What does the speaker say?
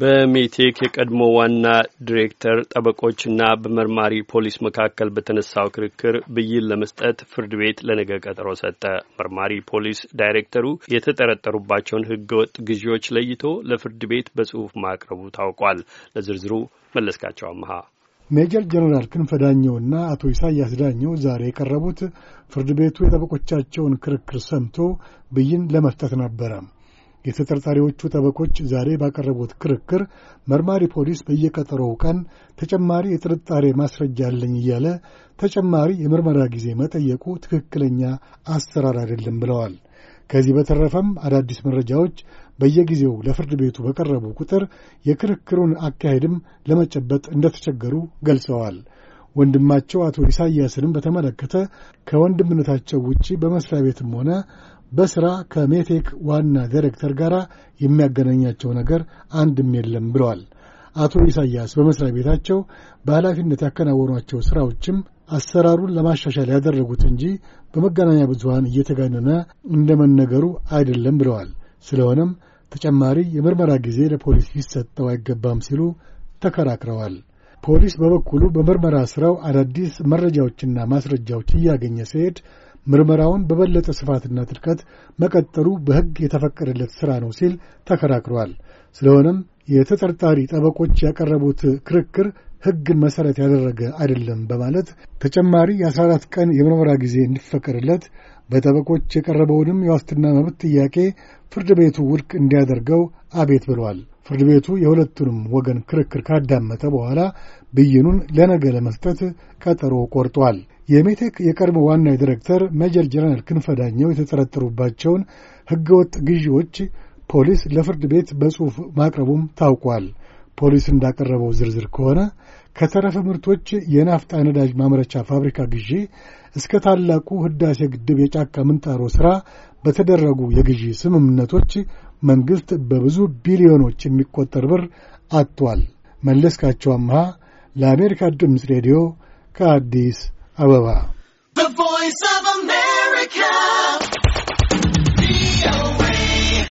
በሜቴክ የቀድሞ ዋና ዲሬክተር ጠበቆችና በመርማሪ ፖሊስ መካከል በተነሳው ክርክር ብይን ለመስጠት ፍርድ ቤት ለነገ ቀጠሮ ሰጠ። መርማሪ ፖሊስ ዳይሬክተሩ የተጠረጠሩባቸውን ሕገወጥ ግዢዎች ለይቶ ለፍርድ ቤት በጽሁፍ ማቅረቡ ታውቋል። ለዝርዝሩ መለስካቸው አመሃ። ሜጀር ጀነራል ክንፈ ዳኘውና አቶ ኢሳያስ ዳኘው ዛሬ የቀረቡት ፍርድ ቤቱ የጠበቆቻቸውን ክርክር ሰምቶ ብይን ለመስጠት ነበረ። የተጠርጣሪዎቹ ጠበቆች ዛሬ ባቀረቡት ክርክር መርማሪ ፖሊስ በየቀጠሮው ቀን ተጨማሪ የጥርጣሬ ማስረጃ አለኝ እያለ ተጨማሪ የምርመራ ጊዜ መጠየቁ ትክክለኛ አሰራር አይደለም ብለዋል። ከዚህ በተረፈም አዳዲስ መረጃዎች በየጊዜው ለፍርድ ቤቱ በቀረቡ ቁጥር የክርክሩን አካሄድም ለመጨበጥ እንደተቸገሩ ገልጸዋል። ወንድማቸው አቶ ኢሳያስንም በተመለከተ ከወንድምነታቸው ውጪ በመስሪያ ቤትም ሆነ በስራ ከሜቴክ ዋና ዳይሬክተር ጋር የሚያገናኛቸው ነገር አንድም የለም ብለዋል። አቶ ኢሳያስ በመስሪያ ቤታቸው በኃላፊነት ያከናወኗቸው ሥራዎችም አሰራሩን ለማሻሻል ያደረጉት እንጂ በመገናኛ ብዙኃን እየተጋነነ እንደመነገሩ አይደለም ብለዋል። ስለሆነም ተጨማሪ የምርመራ ጊዜ ለፖሊስ ሊሰጠው አይገባም ሲሉ ተከራክረዋል። ፖሊስ በበኩሉ በምርመራ ስራው አዳዲስ መረጃዎችና ማስረጃዎች እያገኘ ሲሄድ ምርመራውን በበለጠ ስፋትና ጥልቀት መቀጠሉ በሕግ የተፈቀደለት ሥራ ነው ሲል ተከራክሯል። ስለሆነም የተጠርጣሪ ጠበቆች ያቀረቡት ክርክር ሕግን መሠረት ያደረገ አይደለም በማለት ተጨማሪ የ14 ቀን የምርመራ ጊዜ እንዲፈቀድለት፣ በጠበቆች የቀረበውንም የዋስትና መብት ጥያቄ ፍርድ ቤቱ ውድቅ እንዲያደርገው አቤት ብሏል። ፍርድ ቤቱ የሁለቱንም ወገን ክርክር ካዳመጠ በኋላ ብይኑን ለነገ ለመስጠት ቀጠሮ ቆርጧል። የሜቴክ የቀድሞ ዋና ዲሬክተር ሜጀር ጀነራል ክንፈ ዳኘው የተጠረጠሩባቸውን ሕገወጥ ግዢዎች ፖሊስ ለፍርድ ቤት በጽሑፍ ማቅረቡም ታውቋል። ፖሊስ እንዳቀረበው ዝርዝር ከሆነ ከተረፈ ምርቶች የናፍጣ ነዳጅ ማምረቻ ፋብሪካ ግዢ እስከ ታላቁ ሕዳሴ ግድብ የጫካ ምንጣሮ ሥራ በተደረጉ የግዢ ስምምነቶች መንግሥት በብዙ ቢሊዮኖች የሚቆጠር ብር አጥቷል። መለስካቸው አምሃ ለአሜሪካ ድምፅ ሬዲዮ ከአዲስ አበባ